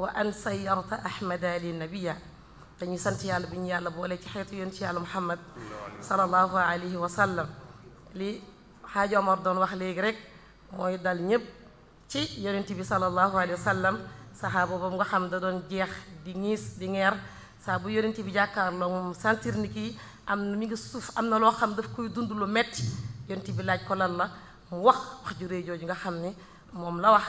wa an sayyarta ahmada li nabiya dañuy sant yàlla bi ñu yàlla boole ci xeetu yoon ci yàlla muhammad sallallahu alayhi wa sallam li xaajo Omar doon wax léegi rek mooy dal ñépp ci yonent bi sallallahu alayhi wa sallam saxaaba boobu nga xam da doon jeex di ñiis di ngeer saa bu yonent bi jàkkaarloo moom sentir ni kii am na mi ngi suuf am na loo xam daf koy dund lu metti yonent bi laaj ko lan la mu wax wax ju réy jooju nga xam ni moom la wax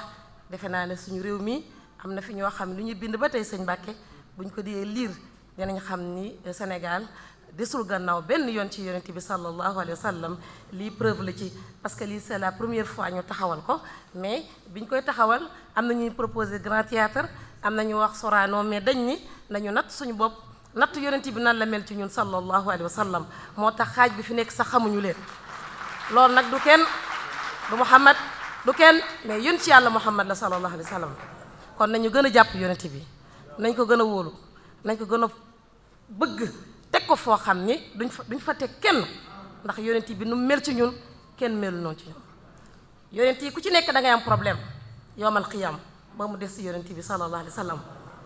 defe naa ne suñu réew mi am na fi ñoo xam lu ñuy bind ba tey sëñ Mbàkke buñ ko dee liir dinañ xam ni eh, Sénégal desul gannaaw benn yoon ci yonent bi sallallahu alayhi wa sallam lii preuve la ci parce que lii c'est la première fois ñu taxawal ko mais biñ koy taxawal am na ñuy proposé grand théâtre am na ñu wax soraanoo mais dañ ni nañu natt suñu bopp natt yonent bi nan la mel ci ñun sallallahu alayhi wa sallam moo tax xaaj bi fi nekk sax xamuñu leen loolu nag du kenn du Muhammad du kenn mais yonent ci yàlla Muhammad la sallallahu alayhi wa sallam kon nañu gën a jàpp yonent bi nañ ko gën a wóolu nañ ko gën a bëgg teg ko foo xam ni duñ fa duñ fa teg kenn ndax yonent bi nu mel ci ñun kenn melu noonu ci ñun yonent yi ku ci nekk da ngay am problème yowmal qiyam ba mu des si yonent bi sallallahu alayhi wa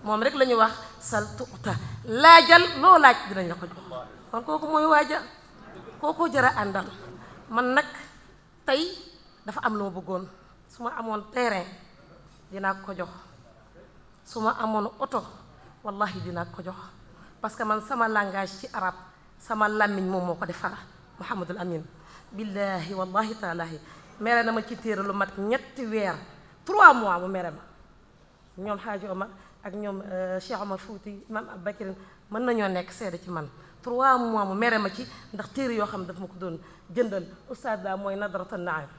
moom rek la wax sal tuuta laajal loo laaj dinañ la ko jox kon kooku mooy waaja koo kooku jara àndal man nag tey dafa am lu ma bëggoon su ma amoon terrain dinaa ko jox su ma amoon oto wallahi dinaa ko jox parce que man sama langage ci arab sama làmmiñ moom moo ko def defar Mouhamadul Amin billahi wallahi taalahi mere na ma ci téere lu mat ñetti weer trois mois mu mere ma ñoom Xaaji Omar ak ñoom euh, Cheikh Omar Fouti Imam Abakirin mën nañoo nekk seede ci man trois mois mu mere ma ci ndax téere yoo xam ne daf ma ko doon jëndal ustaad la mooy nadarata naam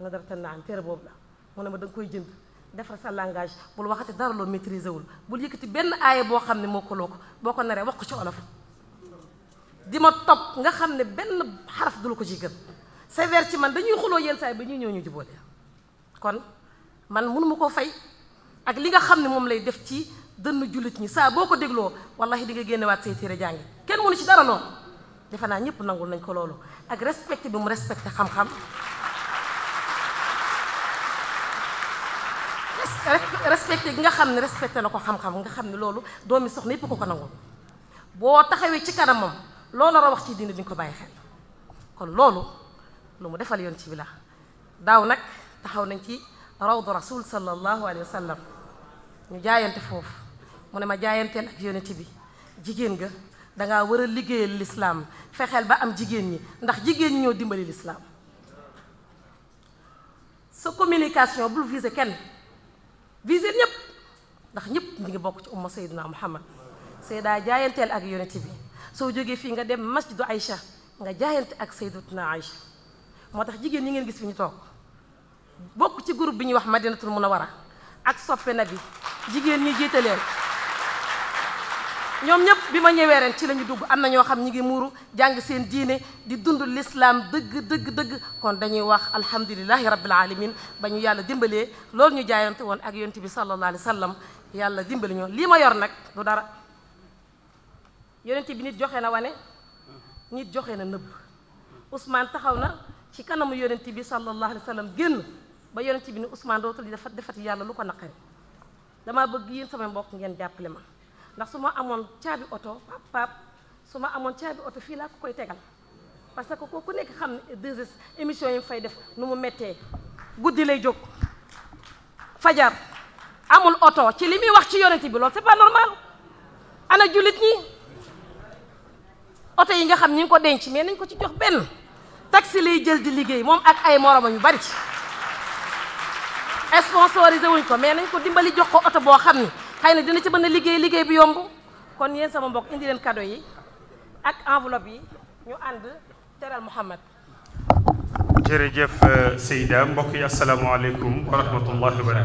nadarata naam téere boobu la mu ne ma da koy jënd defar sa langage bul waxati dara loo maîtriser wul bul yëkkati benn aaya boo xam ne moo ko loo ko boo ko naree wax ko ci olof di ma topp nga xam ne benn xaraf du la ko ci gën sévère ci man dañuy xuloo yenn saay ba ñuy ñëw ñu jubóole kon man mënuma koo fay ak li nga xam ne moom lay def ci dënn jullit ñi saa boo ko dégloo wallahi di nga génnewaat say téere jàngi kenn mënu ci dara loolu defe naa ñëpp nangul nañ ko loolu ak respecté bi mu respecté xam respecté gi nga xam ne respecté na ko xam-xam nga xam ne loolu doomi soxna yëpp ko ko nangul boo taxawee ci kanamam loolu rawax wax ci diine di nga ko bàyyi xel kon loolu lu mu defal yoon ci bi daaw nag taxaw nañ ci raw rasul sallallahu alayhi wa sallam ñu jaayante foofu mu ne ma jaayanteen ak yonent bi jigéen nga dangaa war a liggéeyal lislaam fexeel ba am jigéen ñi ndax jigéen ñi ñoo dimbali lislaam sa communication bul viser kenn visé ñëpp ndax ñëpp ñu ngi bokk ci umma Seydina Muhammad Seyda jaayanteel ak yonent bi soo jógee fii nga dem masjidu Aïcha nga jaayante ak Seydatuna Aïcha moo tax jigéen ñi ngeen gis fi ñu toog bokk ci groupe bi ñuy wax Madinatul Munawara ak soppe na bi jigéen ñi jiite leen ñoom ñëpp bi ma ñëwee ren ci lañu dugg am na ñoo xam ñi ngi muuru jàng seen diine di dund lislaam dëgg dëgg dëgg kon dañuy wax alhamdulilahi rabbil alamin ba ñu yàlla dimbalee loolu ñu jaayante woon ak yonent bi sallallahu alayhi wa sallam yàlla dimbali ñoo lii ma yor nag du dara yonent bi nit joxe na wane nit joxe na nëbb Ousmane taxaw na ci kanamu yonent bi sallallahu alayhi wa sallam génn ba yonent bi ni Ousmane dootul dafa defat yàlla lu ko naqari damaa bëgg yéen sama mbokk ngeen jàppale ma ndax su ma amoon caabi oto pap pap su ma amoon caabi oto fii laa ko koy tegal parce que kooku nekk xam ne des émission yi mu fay def nu mu méttee guddi lay jóg fajar amul oto ci li muy wax ci yonent bi loolu c'est pas normal ana jullit ñi oto yi nga xam ñi ngi ko denc mais nañ ko ci jox benn taxi lay jël di liggéey moom ak ay moromam ñu bari ci sponsorisé wuñ ko mais nañ ko dimbali jox ko oto boo xam ni xëy na dina ci mën a liggéey liggéey bi yomb kon yéen sama mbokk indi leen cadeau yi ak enveloppe yi ñu ànd teral Mouhamad jërëjëf euh, Seyda mbokk yi asalaamaaleykum wa rahmatullahi bul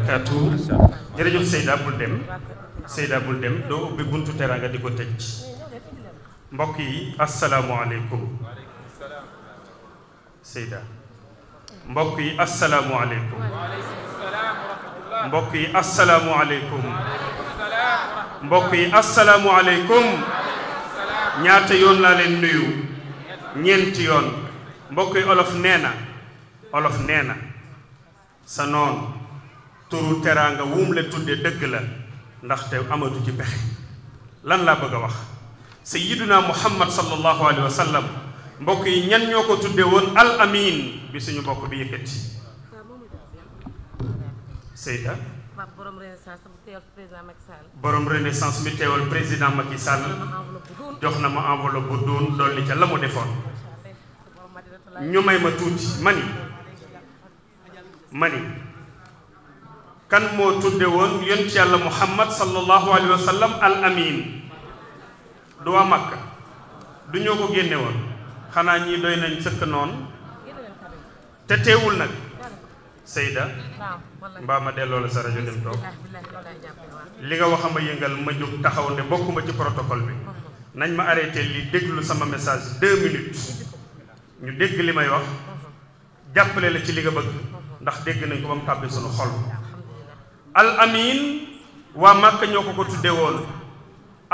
dem Seyda mbokk yi asalaamaaleykum Seyda mbokk yi asalaamaaleykum mbokk yi asalaamaaleykum mbokk yi asalaamualeykum ñaata yoon laa leen nuyu ñeenti yoon mbokk yi olof nee na olof nee na sa noonu turu teraanga wuum la tudde dëgg la ndaxte amatu ci pexe lan laa bëgg a wax sayyiduna muhammad sallallahu alayhi wa sallam mbokk yi ñan ñoo ko tudde woon al amin bi suñu mbokk bi yëkkati sayda Pape borom renaissance mi teewal président Macky président Macky Sall jox na ma enveloppe bu doon dolli ca la mu defoon. ñu may ma tuuti mani mani kan moo tudde woon yonent yàlla Muhammad sallallahu alayhi wa sallam al amin du waa Makka du ñoo ko génne woon xanaa ñii doy nañ sëkk noonu te teewul nag. Seyda mbaa ma delloo la sa rajo dem toog li nga wax a yëngal ma jóg taxaw ne bokkuma ci protocole bi nañ ma arrêté li déglu sama message deux minutes ñu dégg li may wax jàppale la ci li nga bëgg ndax dégg nañ ko ba mu tàbbi sunu xol al amin waa màkk ñoo ko ko tudde woon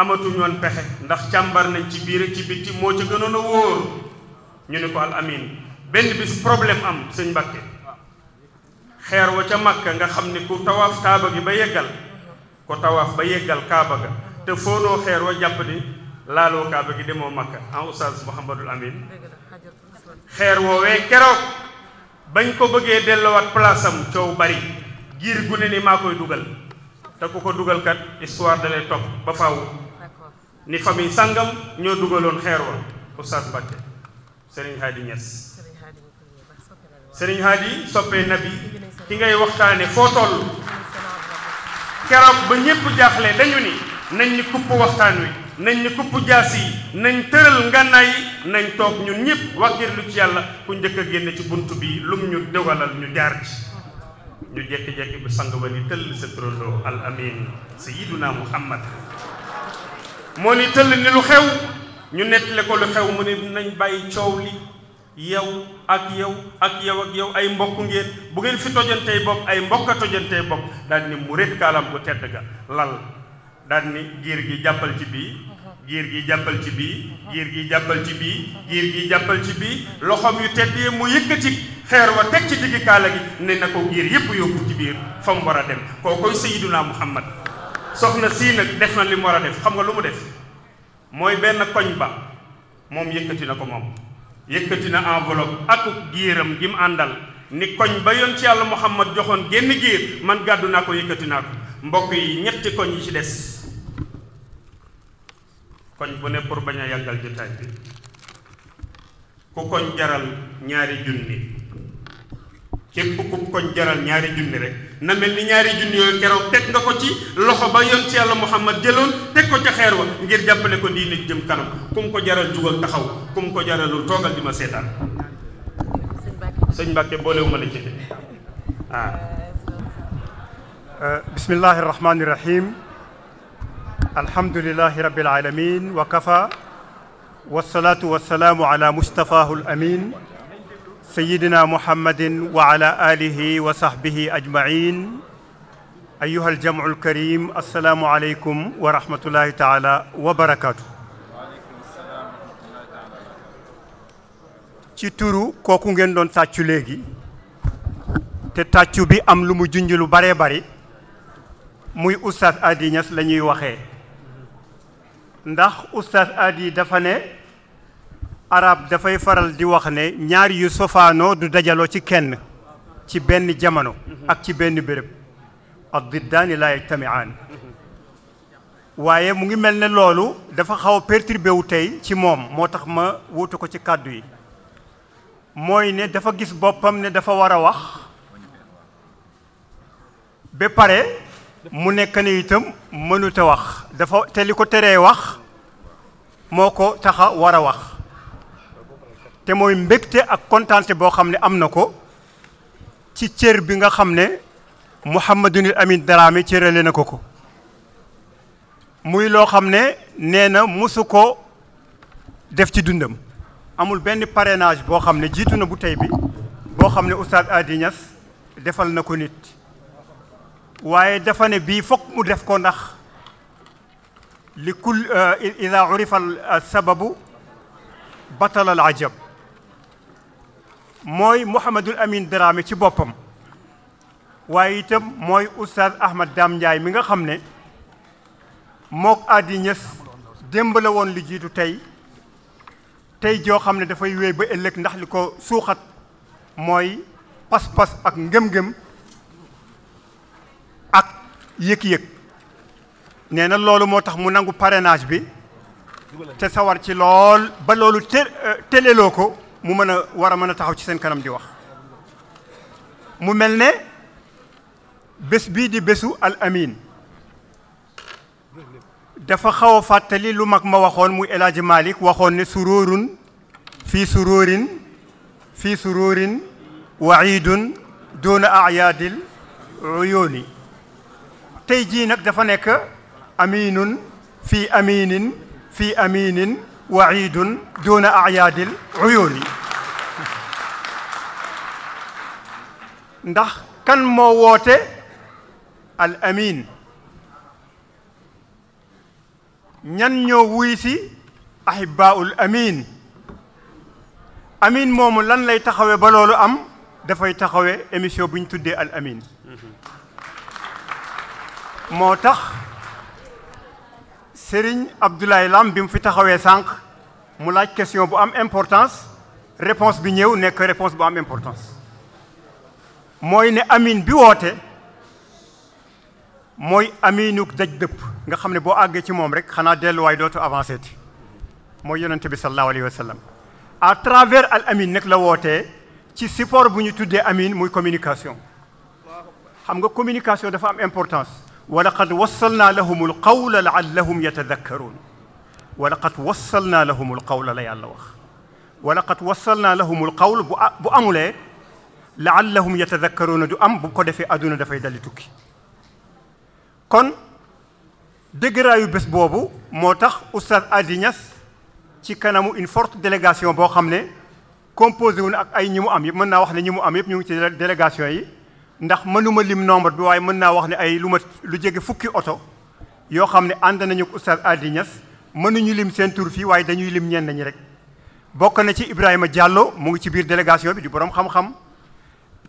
amatuñu pexe ndax càmbar nañ ci biir ci biti moo ci gënoon a wóor ñu ne ko al amin benn bis problème am sëñ Mbàkke xeer wa ca makka nga xam ni ku tawaaf kaaba gi ba yeggal ku tawaaf ba yeggal kaaba ga te fóonoo xeer wa jàpp ni laaloo kaaba gi demoo makka en ah, oustaz Mouhamadul Amin xeer woowee keroog bañ ko bëggee dellowaat place am coow bari giir gu ni maa koy dugal te ku ko dugal kat histoire da lay topp ba faaw ni famille sàngam ñoo dugaloon xeer wa oustaz Mbacke Serigne Hadi Niass Serigne Hadi soppee nabi ki ngay waxtaane foo toll keroog ba ñépp jaaxle dañu ni nañ ni kupp waxtaan wi nañ ni kupp jaas yi nañ tëral ngànnaay yi nañ toog ñun ñëpp wàggirlu ci yàlla ku njëkk a génne ci bunt bi lum ñu dogalal ñu jaar ci ñu jekki-jekki bu sang ba ni tëll sa turandoo al amin sayyiduna muhammad moo ni tëll ni lu xew ñu nettali ko lu xew mu ne nañ bàyyi coow li yow ak yow ak yow ak yow ay mbokk ngeen bu ngeen fi tojantey bopp ay mbokk a tojantey bopp daal ni mu rét kaalam bu tedd ga lal daal ni giir gi jàppal ci bii giir gi jàppal ci bii giir gi jàppal ci bii giir gi jàppal ci bii loxoom yu tedd yi mu yëkkati xeer wa teg ci digg kaala gi ne na ko giir yépp yokk ci biir fa mu war a dem koo koy sayiduna muhammad soxna sii nag def na li mu war a def xam nga lu mu def mooy benn koñ ba moom yëkkati na ko moom yëkkati na enveloppe atuk giiram gi mu àndal ni koñ ba yoon ci yàlla muhammad joxoon génn giir man gàddu naa ko yëkkati naa ko mbokk yi ñetti koñ yi ci des koñ bu ne pour bañ a yàggal jotaay bi ku koñ jaral ñaari junni képp ku ko jaral ñaari junni rek na mel ni ñaari junni yooyu keroog teg nga ko ci loxo ba yoon ci yàlla Muhammad jëloon teg ko ca xeer wa ngir jàppale ko diine jëm kanam ku ko jaral jugal taxaw ku mu ko jaralul toogal di ma seetaan sëñ Mbàkke boolewuma la ci de ah euh, bismillahi rahmaani rahim alhamdulilahi rabbil alamin wa kafa wasalaatu wasalaamu ala mustafahu al amin sayidina muhammadin wa ala alihi wa sahbihi ajmain ayuha aljamu alkarim assalaamu aleykum wa rahmatullahi taala wa barakaatu ci turu kooku ngeen doon tàccu léegi te tàccu bi am lu mu junj lu bare bari muy oustaz Hady Niass la ñuy ndax oustaz Hady dafa ne arab dafay faral di wax ne ñaar yu sofaanoo du dajaloo ci kenn ci benn jamono ak ci benn béréb ak diddaani laa yajtamiaan waaye mu ngi mel ne loolu dafa xaw a perturbé wu tey ci moom moo tax ma wutu ko ci kàddu yi mooy ne dafa gis boppam ne dafa war a wax ba pare mu nekk ne itam mënut wax dafa te li ko teree wax moo ko taxa war a wax te mooy mbégte ak kontaante boo xam ne am na ko ci cër bi nga xam ne Mouhamadunil Amin Daraame cërale na ko ko muy loo xam ne nee na mosu ko def ci dundam amul benn parrainage boo xam ne jiitu na bu tey bi boo xam ne Oustaz Hady Niass defal na ko nit waaye dafa bi bii mu def ko ndax li kul euh, ida urifa euh, sababu batal al ajab mooy Mouhamadul amin Dramé ci boppam waaye itam mooy oustaz Ahmad Dame Ndiaye mi nga xam ne mook Adi Niass démb li jiitu tey tey joo xam ne dafay wéy ba ëllëg ndax li ko suuxat mooy pas-pas ak ngëm-ngëm ak yëg-yëg nee na loolu moo tax mu nangu parenage bi te sawar ci lool ba loolu te euh, téléloo ko mu mën a war a mën a taxaw ci seen kanam di wax mu mel ne bés bii di bésu al amin dafa xawa a fàttali lu mag ma waxoon muy El Hadj waxoon ne suróorun fii suróorin fii suróorin waidun doona ayaadil uyooni tey jii nag dafa nekk aminun fii aminin fii aminin waidun doona ayaadil uyooni ndax kan moo woote al amin ñan ñoo wuy si ahibaul amin amin moomu lan lay taxawee ba loolu am dafay taxawe émission bu tuddee al amin mm-hmm. moo tax Serigne Abdoulaye Lam bi mu fi taxawee sànq mu laaj question bu am importance réponse bi ñëw nekk réponse bu am importance mooy ne amin bi woote mooy aminuk daj dëpp nga xam ne boo àggee ci moom rek xanaa delluwaay dootu avancé ti mooy yonente bi sallallahu alayhi wa sallam à travers al amin nag la wootee ci support bu ñu tuddee amin muy communication xam nga communication dafa am importance wa laqad wassalna lahum al qawla laallahum yatadakkaruun wa laqad wassalna lahum al qawla la yàlla wax wa laqad wassalna lahum al qawl bu amulee laallahum yatadakkaruuna du am bu ko defee àdduna dafay daldi tukki kon dëgëraayu bés boobu moo tax oustaz Hady ci kanamu une fort délégation boo xam ne composé wu na ak ay ñi mu am yëpp mën naa wax ne ñi mu am yëpp ñu ngi ci délégation yi ndax mënuma lim nombre bi waaye mën naa wax ne ay lu ma lu jege fukki oto yoo xam ne ànd nañu ko oustaz Hady Niass mënuñu lim seen tur waaye dañuy lim ñeen ñi rek bokk na ci Ibrahima jàlloo mu ngi ci biir délégation bi di borom xam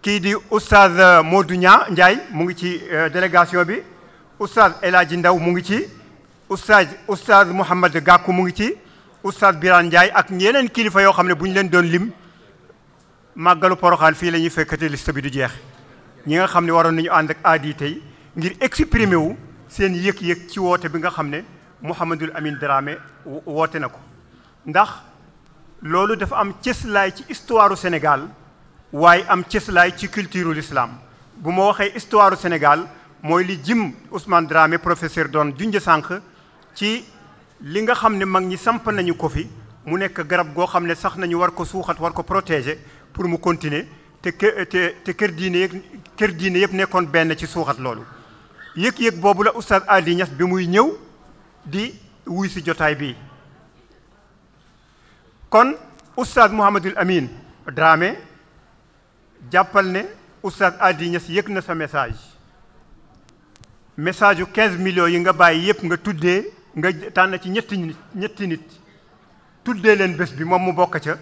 kii di oustaz euh, Modou Niang mu ngi ci euh, délégation bi oustaz El Hadji Ndaw mu ngi ci oustaz oustaz Mouhamad Gakou mu ngi ci oustaz Birane Ndiaye ak yeneen kilifa yoo xam ne buñ leen doon lim màggalu poroxaan fii la ñuy fekkati liste bi du jeex ñi nga xam ne waroon nañu ànd ak aadi tey ngir exprimer wu seen yëg-yëg ci woote bi nga xam ne Mouhamadul Amin Dramé woote na ko ndax loolu dafa am cëslaay ci histoire senegal waaye am cëslaay ci culture l'islam bu ma waxee histoire Sénégal mooy li jim Ousmane Dramé professeur doon junj sànk ci li nga xam ne mag ñi samp nañu ko fi mu nekk garab goo xam ne sax nañu war ko suuxat war ko protéger pour mu continuer te te kër diine yëpp kër yëpp nekkoon benn ci suuxat loolu. yëg-yëg boobu la oustaz Aly bi muy ñëw di wuy si jotaay bi kon oustaz Mouhamadul Amin Dramé. jàppal ne oustaz Hady Niass yëg na sa message message yu quinze millions yi nga bàyyi yëpp nga tuddee nga tànn ci ñetti nit ñetti nit tuddee leen bés bi moom mu bokk ca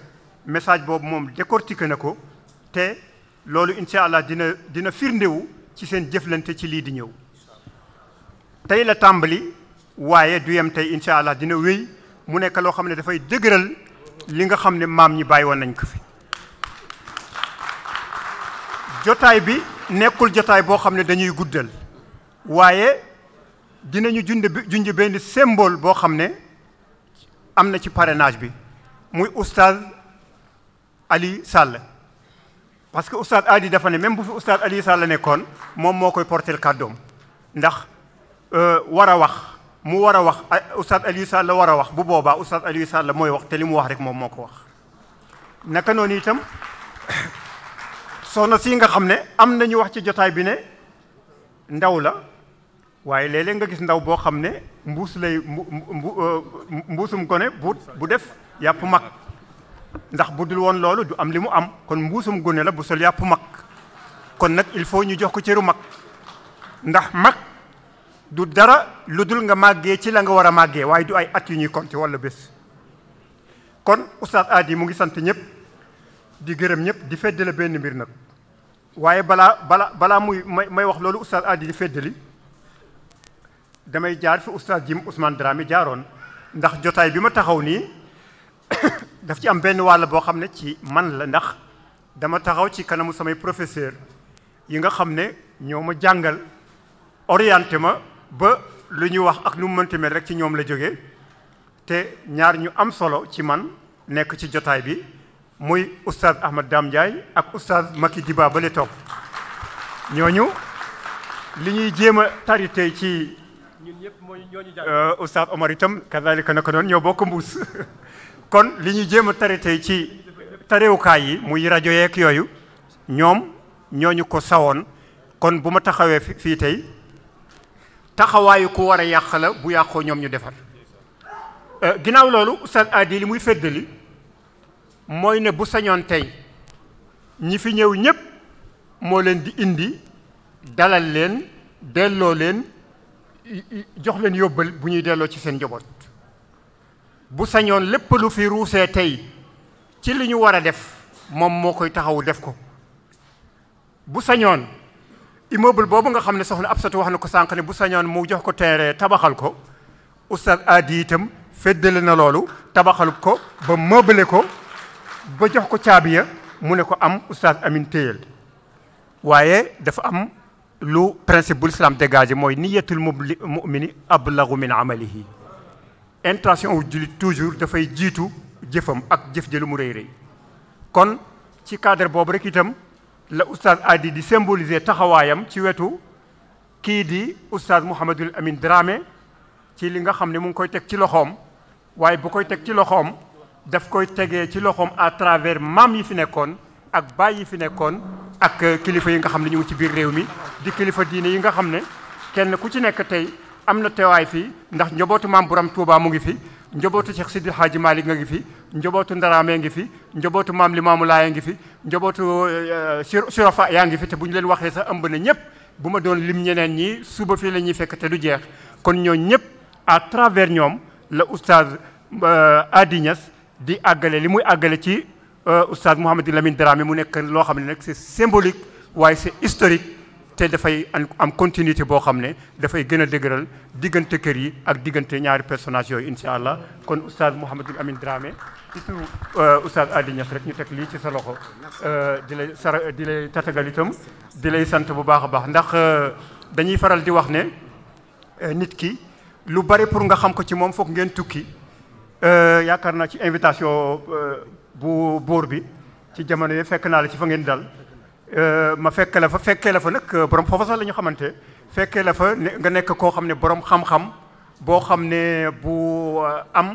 message boobu moom décortiqué na ko te loolu incha allah dina dina firndewu ci seen jëflante ci lii di ñëw tey la tàmbali waaye du yem tey incha allah dina wéy mu nekk loo xam ne dafay dëgëral li nga xam ne maam ñi bàyyi wan nañ ko fi jotaay bi nekkul jotaay boo xam ne dañuy guddal waaye dinañu junj junj benn symbole boo xam ne am na ci parrainage bi muy oustaz Ali Sall parce que oustaz Ali dafa ne même bu fi oustaz Ali Sall nekkoon moom moo koy porteel kàddoom ndax euh, war a wax mu war a wax oustaz Ali Sall war a wax bu boobaa oustaz Ali Sall mooy wax te li mu wax rek moom moo ko wax naka noonu itam. soxna si nga xam ne am na ñu wax ci jotaay bi ne ndaw la waaye léeg-léeg nga gis ndaw boo xam ne mbuus lay euh, mbuusum gone bu bu def yàpp mag ndax bu dul woon loolu du am li mu am kon mbuusum gone la bu sol yàpp mag kon nag il faut ñu jox ko cëru mag ndax mag du dara lu dul nga màggee ci la nga war a màggee waaye du ay at yu ñuy compter walla bés kon oustaz Hady mu ngi sant ñëpp di gërëm ñëpp di feddale benn mbir nag waaye balaa balaa balaa muy may may wax loolu oustaz Adi di feddali damay jaar fi oustaz Jim Ousmane Dramé jaaroon ndax jotaay bi ma taxaw nii daf ci am benn wàll boo xam ne ci man la ndax dama taxaw ci kanamu samay professeur yi nga xam ne ñoo ma jàngal orienté ma ba lu ñuy wax ak nu mu mënti mel rek ci ñoom la jóge te ñaar ñu am solo ci man nekk ci jotaay bi muy oustaz Ahmad Dame Ndiaye ak oustaz Maki Diba bale toog ñooñu li ñuy jéem a tari tey ci ñun ñooñu jàng euh, oustaz Omar itam kazalika naka noonu ñoo bokk mbuus kon li ñuy jéem a tari tey ci tarewukaay yi muy rajo yeeg yooyu ñoom ñooñu ko sawoon kon bu ma taxawee fii tey taxawaayu ku war a yàq la bu yàqoo ñoom ñu defar euh, ginnaaw loolu oustaz Adi li muy feddali mooy ne bu sañoon tey ñi fi ñëw ñépp moo leen di indi dalal leen delloo leen jox leen yóbbal bu ñuy delloo ci seen njaboot bu sañoon lépp lu fi ruusee tey ci li ñu war a def moom moo koy taxawu def ko bu sañoon immeuble boobu nga xam ne soxna Absatu wax na ko sànq ne bu sañoon mu jox ko terrain tabaxal ko oustaz aadi itam féddale na loolu tabaxal ko ba meuble ko ba jox ko caabiya mu ne ko am oustaz Amin téyel waaye dafa am lu principe bu l'islam dégagé mooy niyatul mumini ablagu min amalihi intention wu jullit toujours dafay jiitu jëfam ak jëf ji lu mu kon ci cadre boobu rek itam la oustaz Adi di symboliser taxawaayam ci wetu kii di oustaz Mouhamadul Amin Dramé ci li nga xam ne mu ngi koy teg ci loxoom waaye boo koy teg ci loxoom daf koy tegee ci loxoom à travers maam yi fi nekkoon ak baay yi fi nekkoon ak euh, kilifa yi nga xam ne ñu ci biir réew mi di kilifa diine yi nga xam ne kenn ku ci nekk tey am na teewaay fii ndax njobootu maam Borom Touba mu ngi fi njobootu Cheikh Sidi Hadji Malick nga ngi fi njobootu Ndaraame ngi fi njobootu maam Limaamu Laay ngi fi njobootu euh, Sirofa yaa ngi fi te bu ñu leen waxee sax ëmb na ñëpp bu ma doon lim ñeneen ñi suba fii la ñuy fekk te du jeex kon ñoo ñëpp à travers ñoom la oustaz euh, Adi Niass di àggale li muy àggale ci euh, oustaz Mouhamadou Lamine drame mu nekk loo xam ne nag c'est symbolique waaye c'est historique te dafay am continuité boo xam ne dafay gën a dëgëral diggante kër yi ak diggante ñaari personnage yooyu incha allah kon oustaz Mouhamadou Lamine Dramé ci turu euh, oustaz Adi Niass rek ñu teg lii ci sa loxo euh, di lay sara di lay tatagal di lay sant bu baax a baax ndax dañuy faral di wax ne nit ki lu bari pour nga xam ko ci moom foog ngeen tukki Euh, yaakaar naa ci invitation euh, bu buur bi ci jamono yi fekk naa la ci fa ngeen dal euh, ma fekk la fa fekkee la fa nag borom foofa sax la ñu xamante fekkee la fa nga nekk koo xam ne borom xam-xam boo xam ne bu am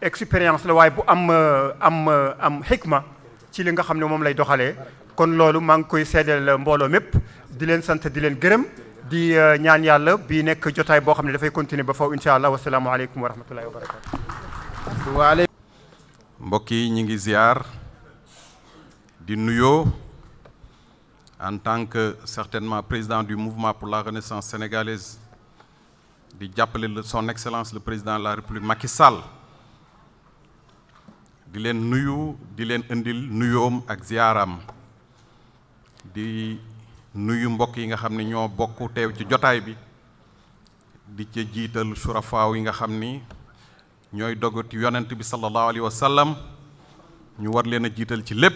expérience la waaye bu am am am xikma ci li nga xam ne moom lay doxalee kon loolu maa ngi koy seedeel mbooloo mépp di leen sant di leen gërëm di ñaan yàlla bi nekk jotaay boo xam ne dafay continuer ba faw incha allah wasalaamualeykum wa rahmatullahi wa barakatu mbokk yi ñu ngi ziar di nuyoo en tant que certainement président du mouvement pour la renaissance sénégalaise di jàppale son excellence le président de la république Macky Sall di leen nuyu di leen indil nuyoom ak ziaram di nuyu mbokk yi nga xam ni ñoo bokk teew ci jotaay bi di ca jiital surafaaw yi nga xam ni ñooy dogati yonent bi sallallahu alayhi wa sallam ñu war leen a jiital ci lépp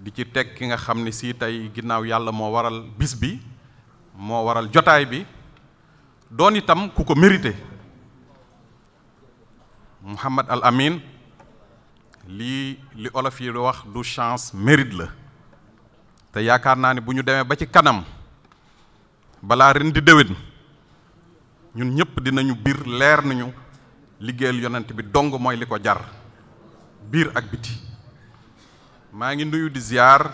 di ci teg ki nga xam ne si tey ginnaaw yàlla moo waral bis bi moo waral jotaay bi doon itam ku ko mérité Mouhamad Al Amin lii li olof yi wax du chance mérite la te yaakaar naa ne bu ñu demee ba ci kanam balaa ren di déwén ñun ñëpp dinañu biir leer nañu liggéeyal yonent bi dong mooy li ko jar biir ak biti maa ngi nuyu di ziar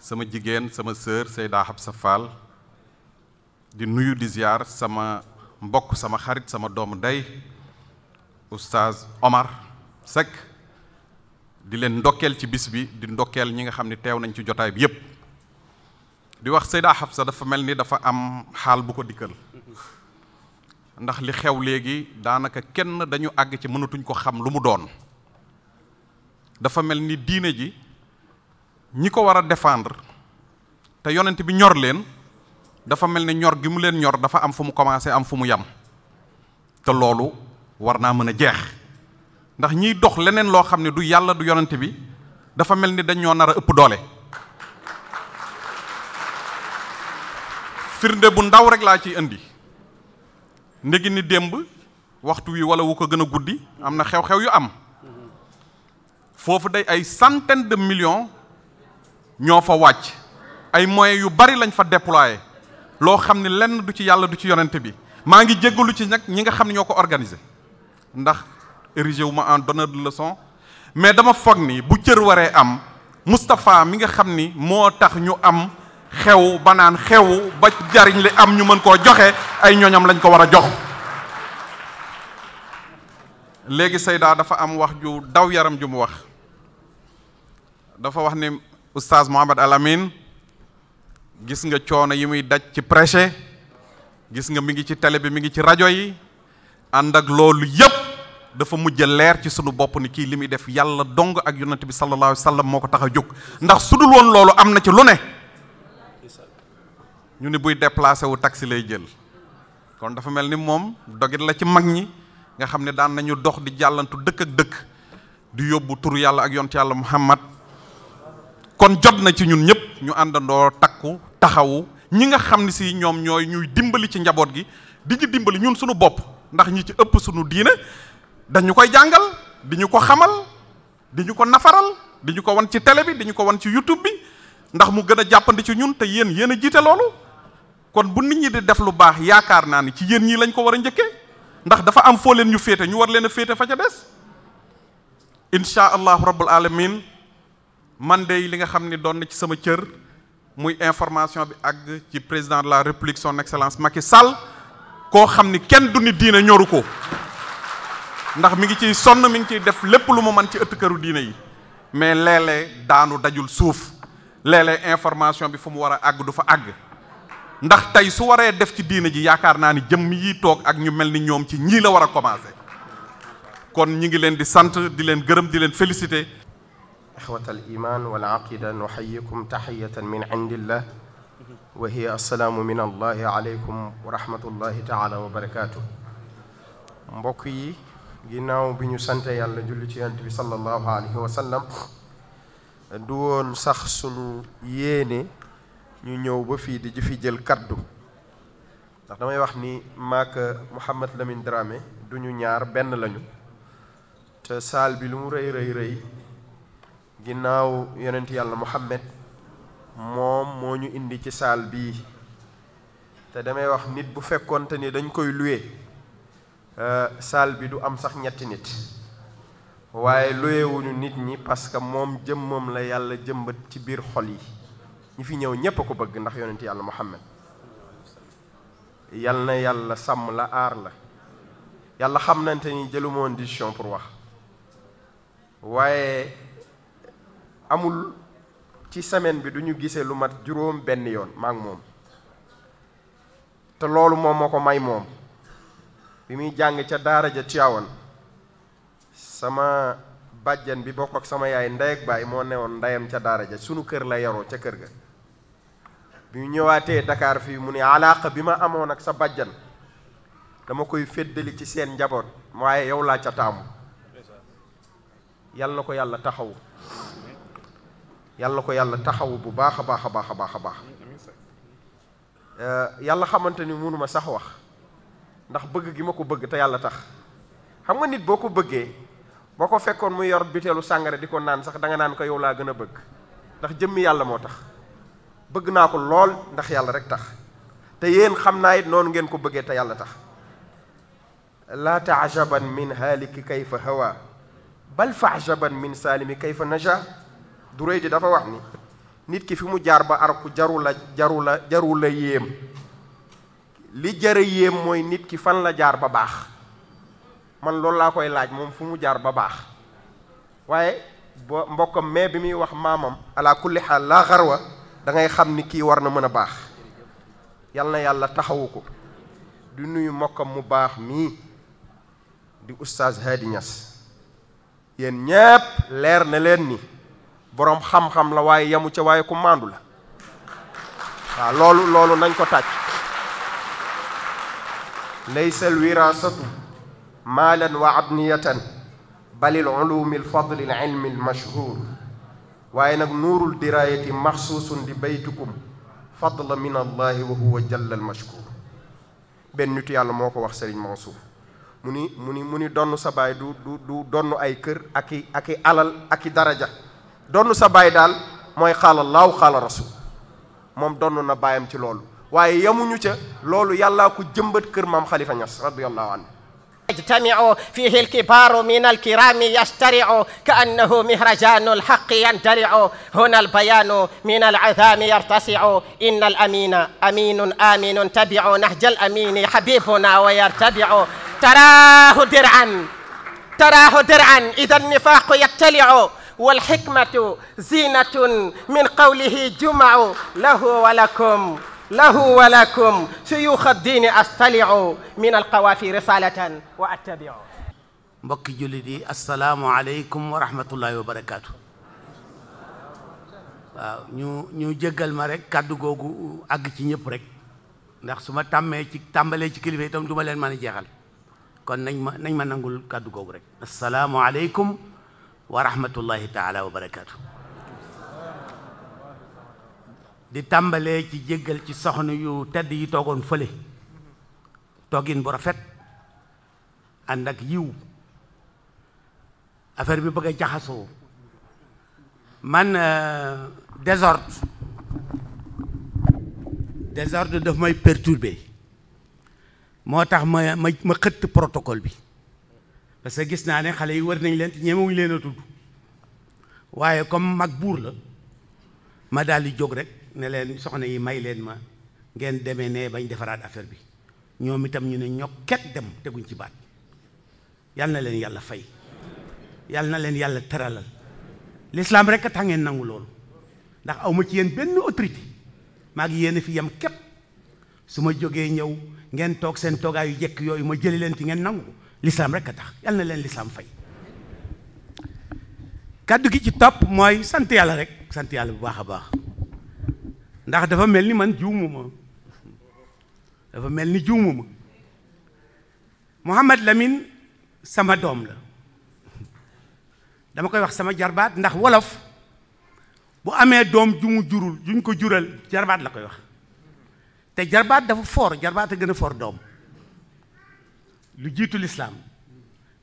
sama jigéen sama sœur Seyda sa Fall di nuyu di ziar sama mbokk sama xarit sama doomu day oustaz Omar Seck di leen ndokkeel ci bis bi di ndokkeel ñi nga xam ne teew nañ ci jotaay bi yépp di wax Seyda sa dafa mel ni dafa am xaal bu ko dikkal ndax li xew léegi daanaka kenn dañu àgg ci mënatuñ ko xam lu mu doon dafa mel ni diine ji ñi ko war a défendre te yonent bi ñor leen dafa mel ni ñor gi mu leen ñor dafa am fu mu commencé am fu mu yam te loolu war naa mën a jeex ndax ñiy dox leneen loo xam ne du yàlla du yonent bi dafa mel ni dañoo nar a ëpp doole firnde bu ndaw rek laa ciy indi ndegi ni démb waxtu wi wala wu ko gën a guddi am na xew-xew yu am foofu day ay centaine de million ñoo fa wàcc ay moyens yu bari lañ fa déployé loo xam ne lenn du ci yàlla du ci yonente bi maa ngi jéggalu ci nag ñi nga xam ne ñoo ko organisé ndax érigé wu ma en donneur de leçon mais dama foog ni bu cër waree am Moustapha mi nga xam ni moo tax ñu am xew banaan naan xew ba jariñ li am ñu mën koo joxe ay ñooñam lañ ko war a jox léegi seydaa dafa am wax ju daw yaram ju mu wax dafa wax ni oustaz Mohamed Alamine gis nga coono yi muy daj ci prêcher gis nga mi ngi ci tele bi mi ngi ci rajo yi ànd ak loolu yépp dafa mujj leer ci sunu bopp ni kii li muy def yàlla dong ak yonent bi sallallahu alayhi wa moo ko tax a jóg ndax su dul woon loolu am na ci lu ne ñu ni buy déplacé wu taxi lay jël kon dafa mel ni moom dogit la ci mag ñi nga xam ne daan nañu dox di jàllantu dëkk ak dëkk di yóbbu tur yàlla ak yont yàlla muhammad kon jot na ci ñun ñëpp ñu àndandoo takku taxawu ñi nga xam ne si ñoom ñooy ñuy dimbali ci njaboot gi di ñu dimbali ñun suñu bopp ndax ñi ci ëpp suñu diine dañu koy jàngal di ñu ko xamal di ñu ko nafaral di ñu ko wan ci télé bi di ñu ko wan ci YouTube bi ndax mu gën a jàppandi ci ñun te yéen yéen a jiite loolu kon bu nit ñi di def lu baax yaakaar naa ni ci yéen ñii lañ ko war a njëkkee ndax dafa am foo leen ñu féete ñu war leen a féete fa ca des incha allahu rabbul alamin man de li nga xam ni doon na ci sama cër muy information bi àgg ci président de la république son excellence Macky Sall koo xam ni kenn du ni diine ñoru ko ndax mi ngi ciy sonn mi ngi ciy def lépp lu ma mën ci ëtt këru diine yi mais léeg daanu dajul suuf léeg-léeg information bi fu mu war a àgg du fa àgg ndax tey su waree def ci diine ji yaakaar naa ni jëmm yi toog ak ñu mel ni ñoom ci ñii la war a commencé kon ñi ngi leen di sant di leen gërëm di leen félicité ixwat al iman wal aqida nuxayikum taxiyatan min indillah wa hiya assalaamu min allahi aleykum wa rahmatullahi taala wa barakaatu mbokk yi ginnaaw bi ñu sante yàlla julli ci yonent bi sallallahu alayhi wa sallam du woon sax ñu ñëw ba fii di fi jël kàddu ndax damay wax ni maak Mouhamed Lamine Dramé du ñaar benn lañu te saal bi lu mu rëy rëy rëy ginnaaw yonent yàlla Mouhamed moom moo ñu indi ci saal bi te damay wax nit bu fekkoonte ni dañ koy luwe euh, saal bi du am sax ñetti nit waaye luwewuñu nit ñi parce que moom jëmmam la yàlla jëmbat ci biir xol yi ñu fi ñëw ñépp a ko bëgg ndax yonent yàlla muhammad yal na yàlla sàmm la aar la yàlla xam nante ni jëluma woon pour wax waaye amul ci semaine bi du ñu gisee lu mat juróom benn yoon maa moom te loolu moom moo ko may moom bi muy jàng ca daara ja Tiwaawan sama bàjjan bi bokk ak sama yaay ndey ak baay moo newoon ndeyam ca daara ja sunu kër la yaroo ca kër ga yu ñëwaatee ndakaar fii mu ne alaaqa bi ma amoon ak sa bàjjan dama koy feddali ci seen njaboot waaye yow laa ca taamu yal na ko yàlla taxaw yal ko yàlla taxaw bu baax a baax a baax a baax a baax euh, yàlla xamante ni mënuma sax wax ndax bëgg gi ma ko bëgg te yàlla tax xam nga nit boo ko bëggee boo ko fekkoon mu yor biteelu sàngara di ko naan sax danga naan ko yow laa gën a bëgg ndax jëmmi yàlla moo tax bëgg naa ko lool ndax yàlla rek tax te yéen xam naa it noonu ngeen ko bëggee te yàlla tax laa taajaban min haaliki kayfa hawa bal faajaban min saalimi kayfa naja durée di dafa wax ni nit ki fi mu jaar ba arku jaru la jaru la jaru la yéem li jara yéem mooy nit ki fan la jaar ba baax man loolu laa koy laaj moom fu mu jaar ba baax waaye ba mbokkam mais bi muy wax maamam ala kulli xaal laa xarwa dangay xam ni kii war na mën a baax yal na yàlla taxawu ko di nuyu mokkam mu baax mii di oustaz Hadi Niass yéen ñépp leer na leen ni boroom xam-xam la waaye yamu ca waaye ku màndu la waa loolu loolu nañ ko tàcc laysal wirasatu maalan wa abniyatan balil ulumi al fadli al ilmi al mashhur waaye nag nuurul dirayati maxsuusun li baytikum fadla min allahi wa huwa jalla almashkur benn nitu yàlla moo ko wax Serigne Mansour mu ni mu ni mu ni donn sa baay du du donn ay kër ak i ak i alal ak i daraja donn sa baay daal mooy xaala laaw xaala rasul moom donn na baayam ci loolu waaye yamuñu ca loolu yàllaa ko jëmbat kër maam Khalifa Niass radiyallahu anhu يجتمع فيه الكبار من الكرام يشترع كأنه مهرجان الحق يندلع هنا البيان من العذام يرتسع إن الأمين أمين آمن تبع نهج الأمين حبيبنا ويرتبع تراه درعا تراه درعا إذا النفاق يتلع والحكمة زينة من قوله جمع له ولكم lahu wa lakum suyuxa diini astaliu min alqawaafi risalatan wa attabiu mbokki jullit yi asalaamu aleykum wa rahmatullahi wa barakaatu waaw ñu ñu jéggal ma rek kàddu googu àgg ci ñëpp rek ndax su ma tàmmee ci tàmbalee ci kilifa itam du ma leen mën a jeexal kon nañ ma nañ ma nangul kàddu googu rek asalaamu aleykum wa rahmatullahi taala wa barakaatu di tàmbalee ci jéggal ci soxna yu tedd yi toogoon fële toogin bu rafet ànd ak yiw affaire bi bëgg a jaxasoo man euh, désordre désordre daf may perturbé moo tax ma ma ma xëtt protocole bi parce que gis naa ne xale yi wër nañ leen te ñemewuñ leen a tudd waaye comme mag buur la ma daal di jóg rek ne leen soxna yi may leen ma ngeen demee ne bañ defaraat affaire bi ñoom itam ñu ne ñokket dem teguñ ci baat yal na leen yàlla fay yal na leen yàlla teralal lislaam rekk a tax ngeen nangu loolu ndax awma ci yéen benn autorité maa ngi yéen fi yem képp su ma jógee ñëw ngeen toog seen toogaay yu jekk yooyu ma jëli leen ci ngeen nangu ko lislaam rek a tax yal na leen lislaam fay kàddu gi ci topp mooy sant yàlla rek sant yàlla bu baax a baax ndax dafa mel ni man juumuma dafa mel ni juumuma Mouhamad Lamine sama doom la dama koy wax sama jarbaat ndax wolof bu amee doom jumu mu jurul juñ ko jural jarbaat la koy wax te jarbaat dafa foor jarbaat a gën a foor doom lu jiitu lislaam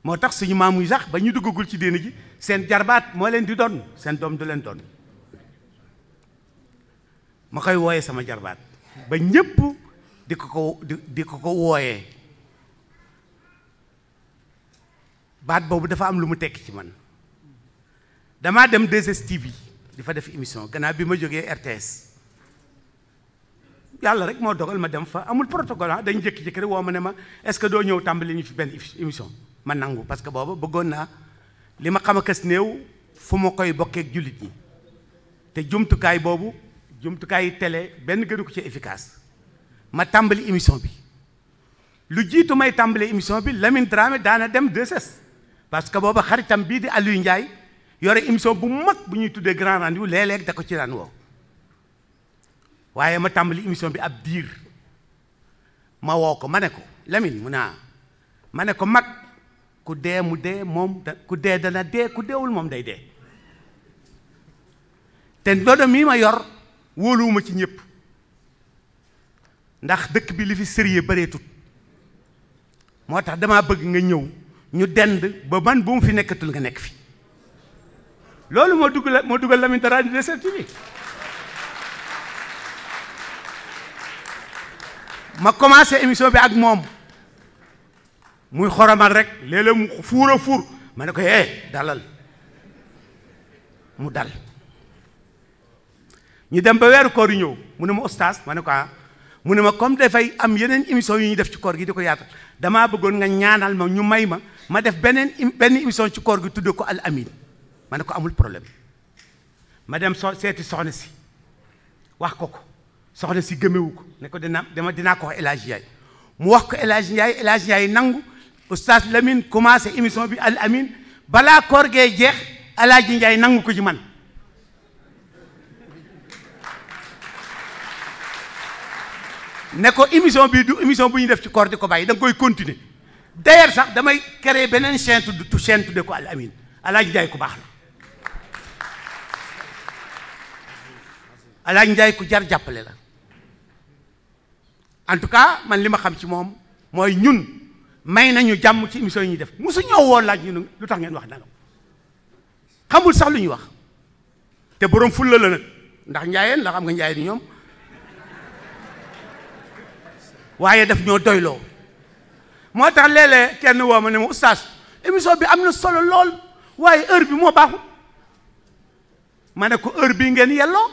moo tax suñu maam yi sax ba ñu duggagul ci déen ji seen jarbaat moo leen di doon seen doom du leen doon ma koy wooyee sama jarbaat ba ñépp di ko ko di ko ko wooyee baat boobu dafa am lu mu tekki ci man damaa dem 2STV di fa def émission gannaaw bi ma jógee RTS yàlla rek moo dogal ma dem fa amul protocole ah, dañ jékki-jékki rek woo ma ne ma est-ce que doo ñëw tàmbali ñu fi benn émission ma nangu parce que booba bëggoon naa li ma xam a kës néew fu ma koy bokkeek jullit ñi te jumtukaay boobu jumtukaayu tele benn gënu ko ci efficace ma tàmbali émission bi lu jiitu may tàmbali émission bi Lamine Dramé daana dem 2S parce que booba xaritam bii di Aliou Ndiaye yore émission bu mag bu ñuy tuddee grand rendez-vous léeg-léeg ko ci daan woo waaye ma tàmbali émission bi ab diir ma woo ko ma ne ko lamin mu naa ah. ma ne ko mag ku dee mu dee moom da ku dee dana dee ku deewul moom day dee te ndono mii ma yor wóoluwuma ci ñëpp ndax dëkk bi li fi sérieux bareetut moo tax damaa bëgg nga ñëw ñu dend ba man bu mu fi nekkatul nga nekk fi loolu moo dugg la moo dugal Lamine Dara di Sen TV ma commencé émission bi ak moom muy xoromal rek léeg-léeg mu fuur fuur ma ne ko eh dalal mu dal ñu dem ba weeru koor yu ñëw mu ne ma oustaz ma ne ko ah mu ne ma comme dafay am yeneen émission yu ñuy def ci koor gi di ko yaatal damaa bëggoon nga ñaanal ma ñu may ma ma def beneen benn émission ci koor gi tudde ko al amin ma ne ko amul problème ma dem so seeti soxna si wax ko ko soxna si gëmewu ko ne ko dina dama dinaa ko wax El Hadj mu wax ko El Hadj Ndiaye El nangu oustaz Lamine commencé émission bi al amin balaa koor gee jeex El Hadj nangu ko ci man nekko émission bii du émission bu ñu def ci koor ko bay da koy continuer d'ailleurs sax damay créer beneen chaîne tudd chaîne tudde ko Al Amine Alaaji Njaay ku baax la Alaaji Njaay ku jar jàppale la en tout cas man li ma xam ci moom mooy ñun may nañu jàmm ci émission yi ñuy def musu ñëw woon laaj ñun lu tax ngeen wax nangam xamul sax lu ñuy wax te boroom fulla la nag ndax njaayeen la xam ñoom waaye daf ñoo doyloo moo tax léeg kenn woo ma ne ma oustaz émission bi am na solo lool waaye heure bi moo baaxu ma ne ko heure bii ngeen yelloo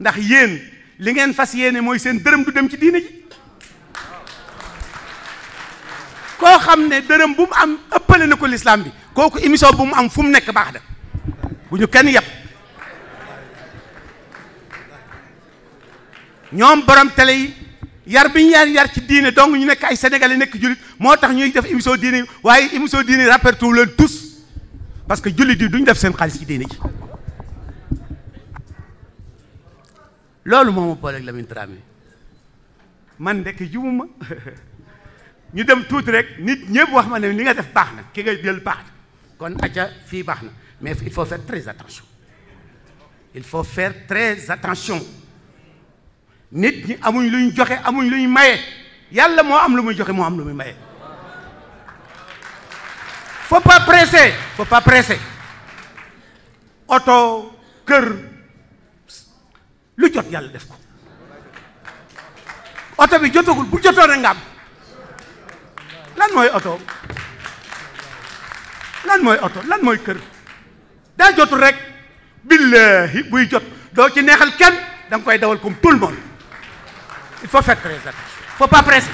ndax yéen li ngeen fas yéene mooy seen dërëm du dem ci diine ji koo xam ne dërëm bu mu am ëppale na ko lislaam bi kooku émission bu mu am fu mu nekk baax da bu ñu kenn yàpp ñoom borom télé yi yar bi ñu yar yar ci diine donc ñu nekk ay sénégalais nekk jullit moo tax ñuy def émission diine waaye émission diine rapporté wu leen tous parce que jullit yi duñ def seen xaalis ci diine ji loolu moo ma booleeg Lamine Dramé man dekk jumuma ñu dem tuuti rek nit ñëpp wax ma ne li nga def baax na ki nga jël baax na kon acca fii baax na mais il faut faire très attention il faut faire très attention nit ñi amuñ luñ joxe amuñ luñ maye yàlla moo am lu muy joxe moo am lu muy maye faut pas presser faut pas presser oto kër lu jot yàlla def ko oto bi jotagul bu jotoon rek nga am lan mooy oto lan mooy oto lan mooy kër daa jotul rek billaahi buy jot doo ci neexal kenn da koy dawal comme tout le il faut faire très attention il faut pas presser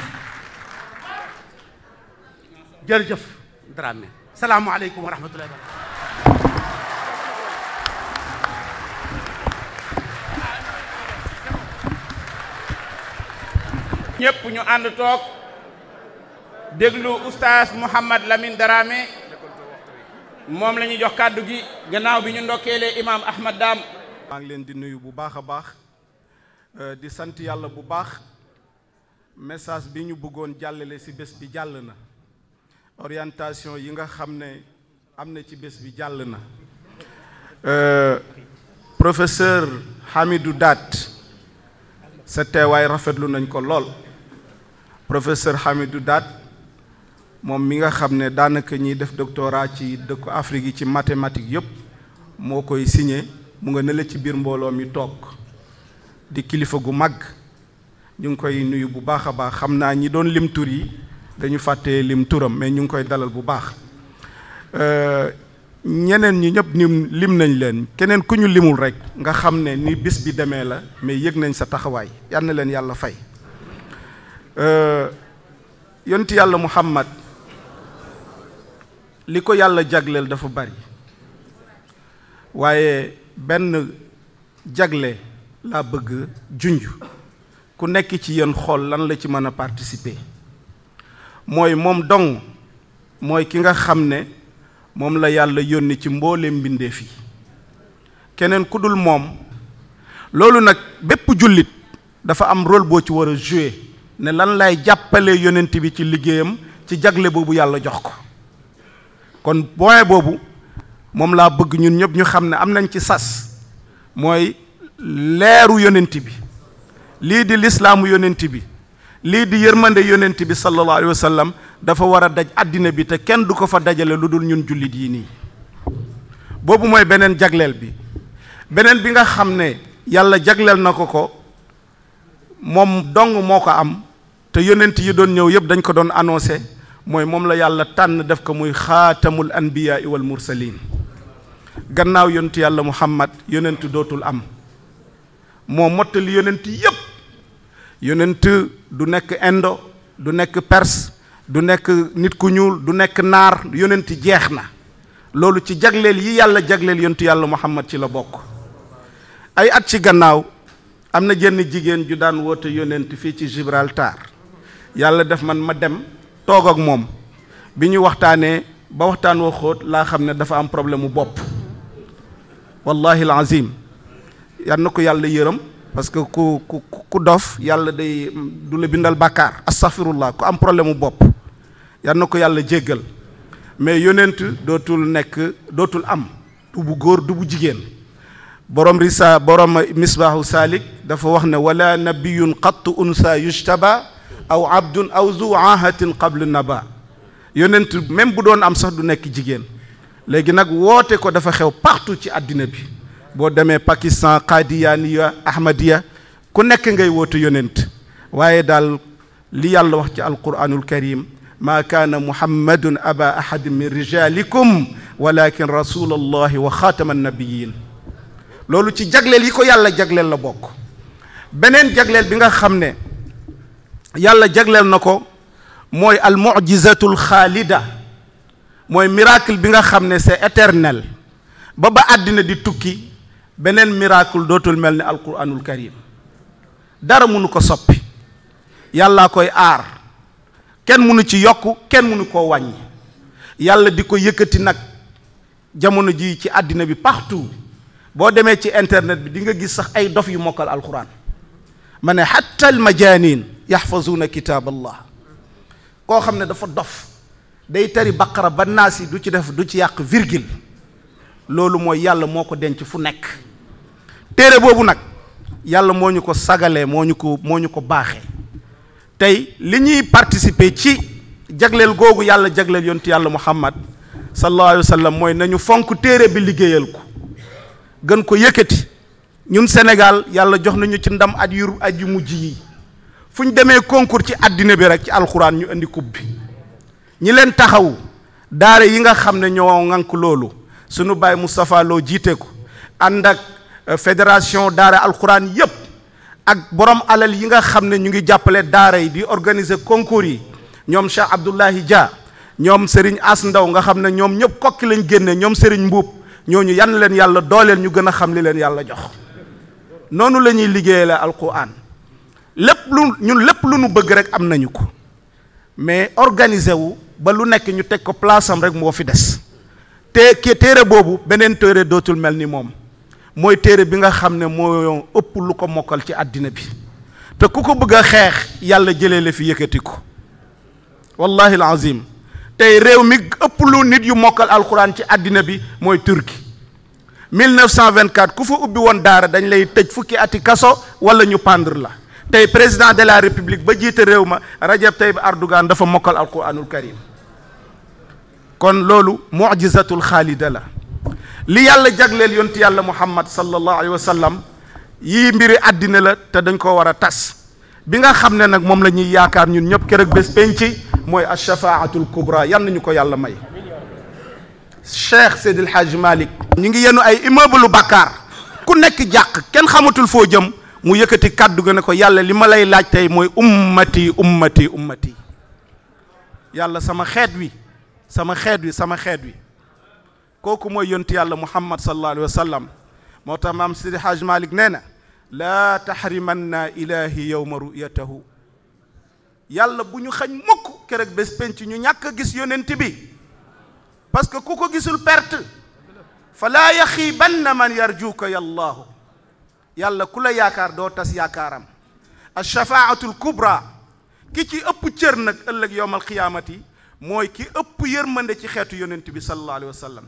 jërëjëf Dramé salaamualeykum wa rahmatullahi wa barakatuh ñëpp ñu ànd toog déglu oustaz Mouhamed Lamine Dramé moom la jox kàddu gi gannaaw bi ñu ndokkeelee imaam Ahmad Dam maa ngi leen di nuyu bu baax a baax Euh, di sant yàlla bu baax message bi ñu bëggoon jàllale ci bés bi jàll na orientation yi nga xam ne am na ci bés bi jàll na euh, professeur Hamidou Daat sa teewaay rafetlu nañ ko lool professeur Hamidou Daat moom mi nga xam ne daanaka ñiy def doctorat ci dëkku Afrique yi ci mathématique yëpp moo koy signé mu nga ne ci biir mbooloo mi toog di kilifa gu mag ñu ngi koy nuyu bu baax a baax xam naa ñi doon lim tur yi dañu fàtte lim turam mais ñu ngi koy dalal bu baax euh, ñeneen ñi ñëpp nim lim nañ leen keneen ku ñu limul rek nga xam ne ni bis bi demee la mais yëg nañ sa taxawaay yal leen yàlla fay euh, yonti yàlla muhammad li ko yàlla jagleel dafa bari waaye benn jagle laa bëgg junj ku nekk ci yéen xool lan la ci mën a participer mooy moom dong mooy ki nga xam ne moom la yàlla yónni ci mbooleem mbindeef yi keneen ku dul moom loolu nag bépp jullit dafa am rôle boo ci war a jouer ne lan laay jàppale yonent bi ci liggéeyam ci jagle boobu yàlla jox ko kon point boobu moom laa bëgg ñun ñëpp ñu xam ne am nañ ci sas mooy leeru yonent bi lii di lislaamu yonent bi lii di yërmande yonent bi sallallahu alayhi wa dafa war a daj àddina bi te kenn du ko fa dajale lu dul ñun jullit yi nii boobu mooy beneen jagleel bi beneen bi nga xam ne yàlla jagleel na ko ko moom dong moo ko am te yonent yi doon ñëw yëpp dañ ko doon annoncé mooy moom la yàlla tànn def ko muy xaatamul anbiyaa wal mursalin gannaaw yonentu yàlla muhammad yonent dootul am moo mottali yonent yépp yonent du nekk indo du nekk perse du nekk nit ku ñuul du nekk naar yonent jeex na loolu ci jagleel yi yàlla jagleel yonentu yàlla muhammad ci la bokk ay at ci gannaaw am na jenn jigéen ju daan woote yonent fii ci Gibraltar yàlla def man ma dem toog ak moom bi ñu waxtaanee ba waxtaan wa xóot laa xam ne dafa am problème mu bopp wallahi alazim yal na ko yàlla yërëm parce que ku ku ku dof yàlla day du la bindal bàkkaar astafirullah ku am problème mu bopp yal na ko yàlla jéggal mais yonent dootul nekk dootul am du bu góor du bu jigéen borom risa borom misbaahu saalik dafa wax ne wala nabiyun qattu unsa yujtaba aw abdun aw zu ahatin qablu naba yonent même bu doon am sax du nekk jigéen léegi nag woote ko dafa xew partout ci àddina bi boo demee Pakistan Qadiyaniya Ahmadiya ku nekk ngay woote yonent waaye daal li yàlla wax ci alquranul karim maa kaana muhammadun aba ahadin min rijalikum walakin rasul allahi wa xaatama annabiyin loolu ci jagleel yi ko yàlla jagleel la bokk beneen jagleel bi nga xam ne yàlla jagleel na ko mooy al mujizatul mooy miracle bi nga xam ne c'est éternel ba ba àddina di tukki beneen miracle dootul mel ni alquranul karim dara mënu ko soppi yàllaa koy aar kenn mënu ci yokk kenn mënu koo wàññi yàlla di ko yëkkati nag jamono ji ci àddina bi partout boo demee ci internet bi dinga gis sax ay dof yu mokkal alxuraan ma ne xatta almajanin yaxfazuuna kitaab allah koo xam ne dafa dof day tari baqara ba naas yi du ci def du ci yàq virgil loolu mooy yàlla moo ko denc fu nekk téere boobu nag yàlla moo ñu ko sagalee moo ñu ko moo ñu ko baaxee tey li ñuy participer ci jagleel googu yàlla jagleel yontu yàlla muhammad sallallahu alayhi wa sallam mooy nañu fonk téere bi liggéeyal ko gën ko yëkkati ñun Sénégal yàlla jox nañu ci ndam at yu at yu mujj yi fu ñu demee concur ci àddina bi rek ci alxuraan ñu indi coupe bi ñi leen taxawu daare yi nga xam ne ñoo ŋànk loolu sunu baay Moustapha Lo jiite ko ànd ak Euh, fédération daara alxuraan yépp ak borom alal yi nga xam ne ñu ngi jàppale daara yi di organiser concours yi ñoom Cheikh Abdoulahi Dia ñoom Serigne As Ndaw nga xam ne ñoom ñëpp kokki lañ génne ñoom Serigne Mbuub ñooñu yan leen yàlla dooleel ñu gën a xam li leen yàlla jox noonu la ñuy liggéeyee la alxuraan lépp lu ñu lépp lu nu bëgg rek am nañu ko mais organiser wu ba lu nekk ñu teg ko place am rek moo fi des te téere boobu beneen téere dootul mel ni moom mooy téere bi nga xam ne moo ëpp lu ko mokkal ci àddina bi te ku ko bëgg a xeex yàlla jëlee la fi yëkkati ko wallahi alazim tey réew mi ëpp lu nit yu mokkal alxuraan ci àddina bi mooy turki 1924 ku fa ubbi woon daara dañ lay tëj fukki ati kaso wala ñu pendre la tey président de la république ba jiite réew ma Rajab Tayyip Erdogan dafa mokkal alxuraanul karim kon loolu mujizatul xaalida la li yàlla jagleel yonti yàlla muhammad sallallahu alayhi wa sallam yii mbiri àddina la te dañ ko war a tas bi nga xam ne nag moom la ñuy yaakaar ñun ñëpp kër ak bés penc mooy ashafaatul kubra yal nañu ko yàlla may cheikh seydil haj malik ñu ngi yenu ay immeuble bàkkaar ku nekk jàq kenn xamatul foo jëm mu yëkkati kàddu ga ne ko yàlla li ma lay laaj tey mooy ummati ummati ummati yàlla sama xeet wi sama xeet wi sama xeet wi kooku mooy yontu yàlla muhammad sallallahu alayhi wa sallam moo tax maam sidi haj malik nee na laa tahrimanna ilahi yowma ruyatahu yàlla bu ñu xañ mukk keroog bés penc ñu ñàkk a gis yonent bi parce que ku ko gisul perte fa laa yaxiibanna man yarjuuka yallaahu yàlla ku la yaakaar doo tas yaakaaram alshafaatul kubra ki ci ëpp cër nag ëllëg yowmal qiyaamati mooy ki ëpp yërmande ci xeetu yonent bi sallallahu alayhi wa sallam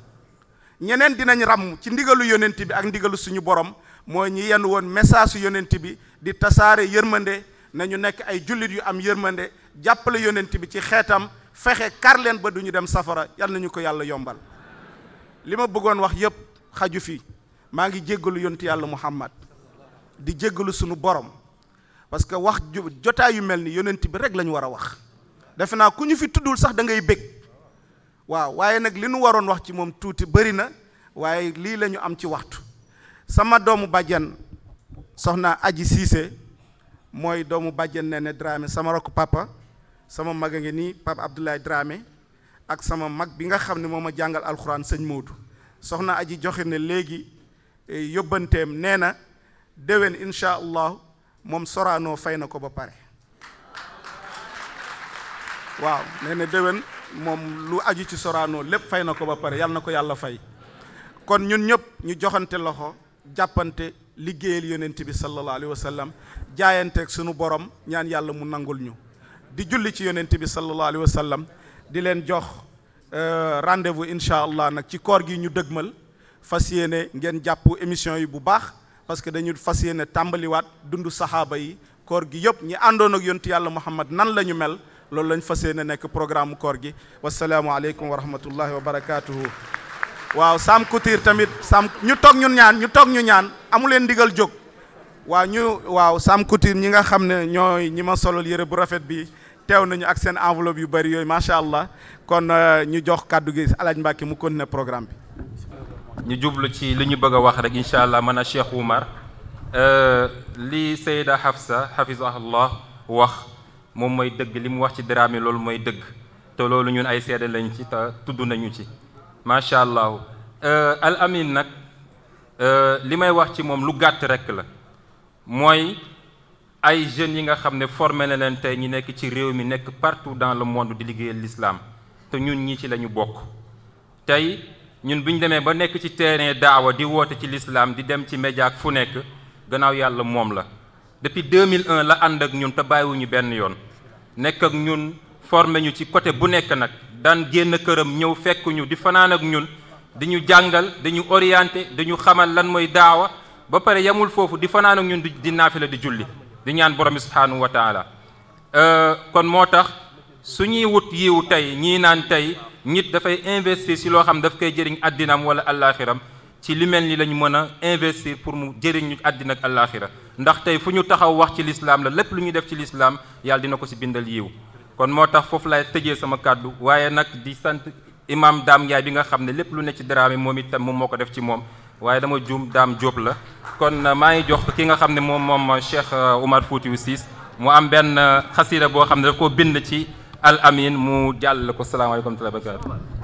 ñeneen dinañ ràmm ci ndigalu yonent bi ak ndigalu suñu borom mooy ñi yenn woon message yonent bi di tasaare yërmande nañu nekk ay jullit yu am yërmande jàppale yonent bi ci xeetam fexe kar leen ba duñu dem safara yal nañu ko yàlla yombal li ma bëggoon wax yépp xaju fi maa ngi jéggalu yontu yàlla muhammad di jéggalu suñu borom parce que wax jotaay yu mel ni yonent bi rek la ñu war a wax defe naa ku ñu fi tuddul sax da ngay bég waaw waaye nag li nu waroon wax ci moom tuuti bëri na waaye lii lañu am ci waxtu sama doomu bàjjen soxna aji siise mooy doomu bàjjen ne ne Dramé sama rakk sama mag a ngi nii Dramé ak sama mag bi nga xam ne moo ma jàngal alxuraan sëñ Moodu soxna aji joxe léegi eh, yóbbanteem nee na déwén incha moom soraanoo fay na ko ba pare waaw nee na moom lu aju ci soraanoo lépp fay na ko ba pare yàlla na ko yàlla fay kon ñun ñëpp ñu joxante loxo jàppante liggéeyal yonent bi sallallahu alayhi wa sallam jaayanteeg sunu borom ñaan yàlla mu nangul ñu di julli ci yonent bi sallallahu alayhi sallam di leen jox euh, rendez-vous incha allah nag ci koor gi ñu dëgmal fas yéene ngeen jàpp émission yi bu baax parce que dañu fas yéene tàmbaliwaat dundu saxaaba yi koor gi yëpp ñi àndoon ak yontu yàlla Muhammad nan la ñu mel loolu lañ fas yéene nekk programme koor gi wasalaamualeykum wa rahmatullahi wa barakaatuhu waaw Sam Couture tamit Sam ñu toog ñun ñaan ñu toog ñu ñaan amu leen ndigal jóg waaw ñu waaw Sam Couture ñi nga xam ne ñooy ñi ma solal yére bu rafet bi teew nañu ak seen enveloppe yu bari yooyu macha allah kon euh, ñu jox kàddu gi alaaj Mbàkke mu continuer programme bi. ñu jublu ci li ñu bëgg a wax rek incha allah mën a Cheikh Oumar euh, li Seyda Hafsa hafizahullah wax. moom mooy dëgg li mu wax ci Dramé loolu mooy dëgg te loolu ñun ay seede lañ ci te tudd nañu ci macha allah euh, al amin nag euh, li may wax ci moom lu gàtt rekk la mooy ay jeunes yi nga xam ne formé na leen tey ñi nekk ci réew mi nekk partout dans le monde di liggéey lislaam te ñun ñii ci la ñu bokk tey ñun bu ñu demee ba nekk ci terrain daawa di woote ci lislaam di dem ci média fu nekk gannaaw yàlla moom la depuis 2001 la ànd ak ñun te bàyyiwuñu benn yoon nekk ak ñun formé ñu ci côté bu nekk nag daan génn këram ñëw fekkuñu di fanaan ak ñun di ñu jàngal dañu ñu orienté di xamal lan mooy daawa ba pare yamul foofu di fanaan ak ñun di naafila di julli di ñaan borom bi subhaanahu wa euh, kon moo tax su ñuy wut yiwu tey ñii naan tey nit dafay investir si loo xam daf koy jëriñ addinam wala allaaxiram ci li mel ni lañu mën a investir pour mu jëriñ ñu àddina ak àllaaxira ndax tey fu ñu taxaw wax ci lislaam la lépp lu ñuy def ci lislaam yàlla dina ko si bindal yiw kon moo tax foofu laay tëjee sama kàddu waaye nag di sant imaam daam Ndiaye bi nga xam ne lépp lu ne ci daraame moom itam moom moo ko def ci moom waaye dama juum daam Diop la kon maa ngi jox ki nga xam ne moom moom Cheikh euh, Oumar Foutiyou Ciss mu am benn euh, xasida boo xam ne daf koo bind ci al amin mu jàll ko salaamaaleykum wa rahmatulah.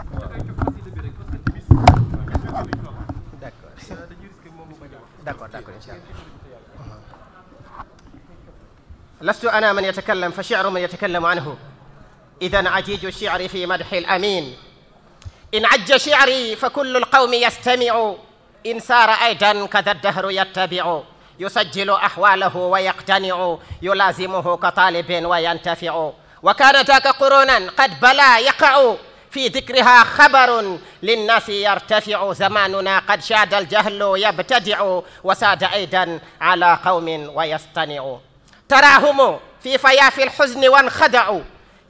d'accord d'accord incha allah uh-huh. lastu ana man yatakallam fa shi'ru man yatakallamu anhu idan ajiju shi'ri fi madhi al-amin in ajja shi'ri fa kullu al-qawmi yastami'u in saara aydan kada ad-dahru yattabi'u يسجل أحواله ويقتنع يلازمه كطالب وينتفع وكان ذاك قرونا قد بلا يقع في ذكرها خبر للناس يرتفع زماننا قد شاد الجهل يبتدع وساد أيضا على قوم ويصطنع تراهم في فياف الحزن وانخدعوا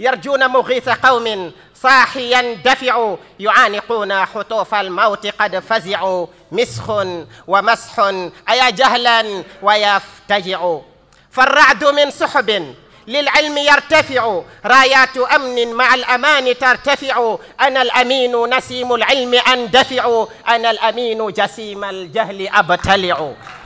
يرجون مغيث قوم صاحيا دفعوا يعانقون حطوف الموت قد فزعوا مسخ ومسح أيا جهلا ويفتجع فالرعد من سحب للعلم يرتفع رايات أمن مع الأمان ترتفع أنا الأمين نسيم العلم أندفع أنا الأمين جسيم الجهل أبتلع